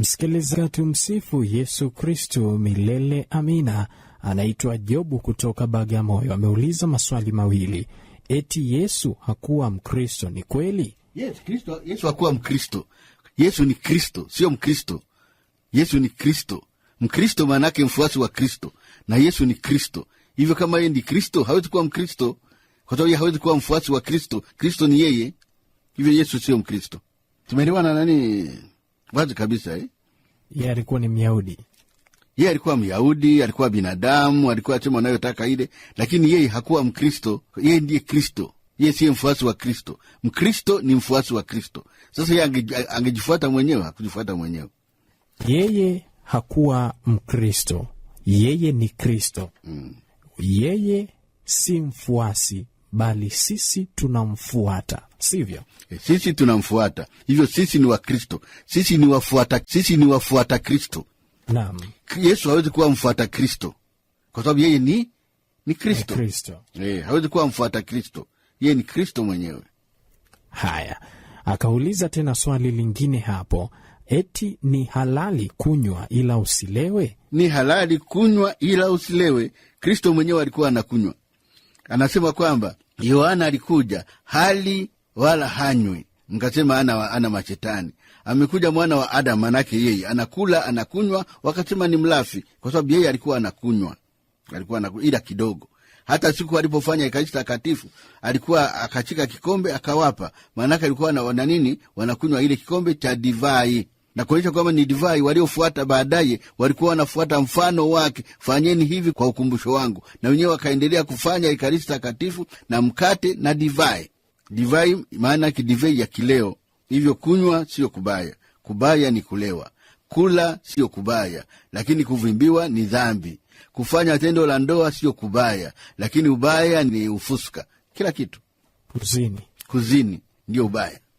Msikilizaji, tumsifu Yesu Kristu milele amina. Anaitwa Jobu kutoka Bagamoyo, ameuliza maswali mawili. Eti Yesu hakuwa Mkristo, ni kweli? Yes, Kristo, Yesu hakuwa Mkristo. Yesu ni Kristo, sio Mkristo. Yesu ni Kristo. Mkristo maana yake mfuasi wa Kristo, na Yesu ni Kristo. Hivyo kama yeye ni Kristo, hawezi kuwa Mkristo kwa sababu hawezi kuwa mfuasi wa Kristo. Kristo ni yeye, hivyo Yesu sio Mkristo. tumeelewana nani? wazi kabisa eh? ye alikuwa ni myahudi ye alikuwa myahudi alikuwa binadamu alikuwa sehemu anayotaka ile lakini yeye hakuwa mkristo yeye ndiye kristo yeye siye mfuasi wa kristo mkristo ni mfuasi wa kristo sasa ye angejifuata mwenyewe hakujifuata mwenyewe yeye hakuwa mkristo yeye ni kristo mm. yeye si mfuasi bali sisi tunamfuata, sivyo? Eh, sisi tunamfuata, hivyo sisi ni Wakristo, sisi ni wafuata, sisi ni wafuata Kristo. Naam, Yesu hawezi kuwa mfuata Kristo kwa sababu yeye ni ni Kristo, eh, Kristo. E, hawezi kuwa mfuata Kristo, yeye ni Kristo mwenyewe. Haya, akauliza tena swali lingine hapo, eti ni halali kunywa ila usilewe? Ni halali kunywa ila usilewe. Kristo mwenyewe alikuwa anakunywa, anasema kwamba Yohana alikuja hali wala hanywi, mkasema ana, ana mashetani. Amekuja mwana wa Adamu, manake yeye anakula anakunywa, wakasema ni mlafi, kwa sababu yeye alikuwa anakunywa, alikuwa anakunywa ila kidogo hata siku alipofanya ekaristi takatifu alikuwa akachika kikombe akawapa, maanake alikuwa na nini, wanakunywa ile kikombe cha divai na kuonyesha kwamba ni divai. Waliofuata baadaye walikuwa wanafuata mfano wake, fanyeni hivi kwa ukumbusho wangu. Na wenyewe wakaendelea kufanya Ekaristi Takatifu na mkate na divai. Divai maana yake divai ya kileo, hivyo kunywa siyo kubaya, kubaya ni kulewa. Kula siyo kubaya, lakini kuvimbiwa ni dhambi. Kufanya tendo la ndoa siyo kubaya, lakini ubaya ni ufuska. Kila kitu, kuzini, kuzini ndiyo ubaya.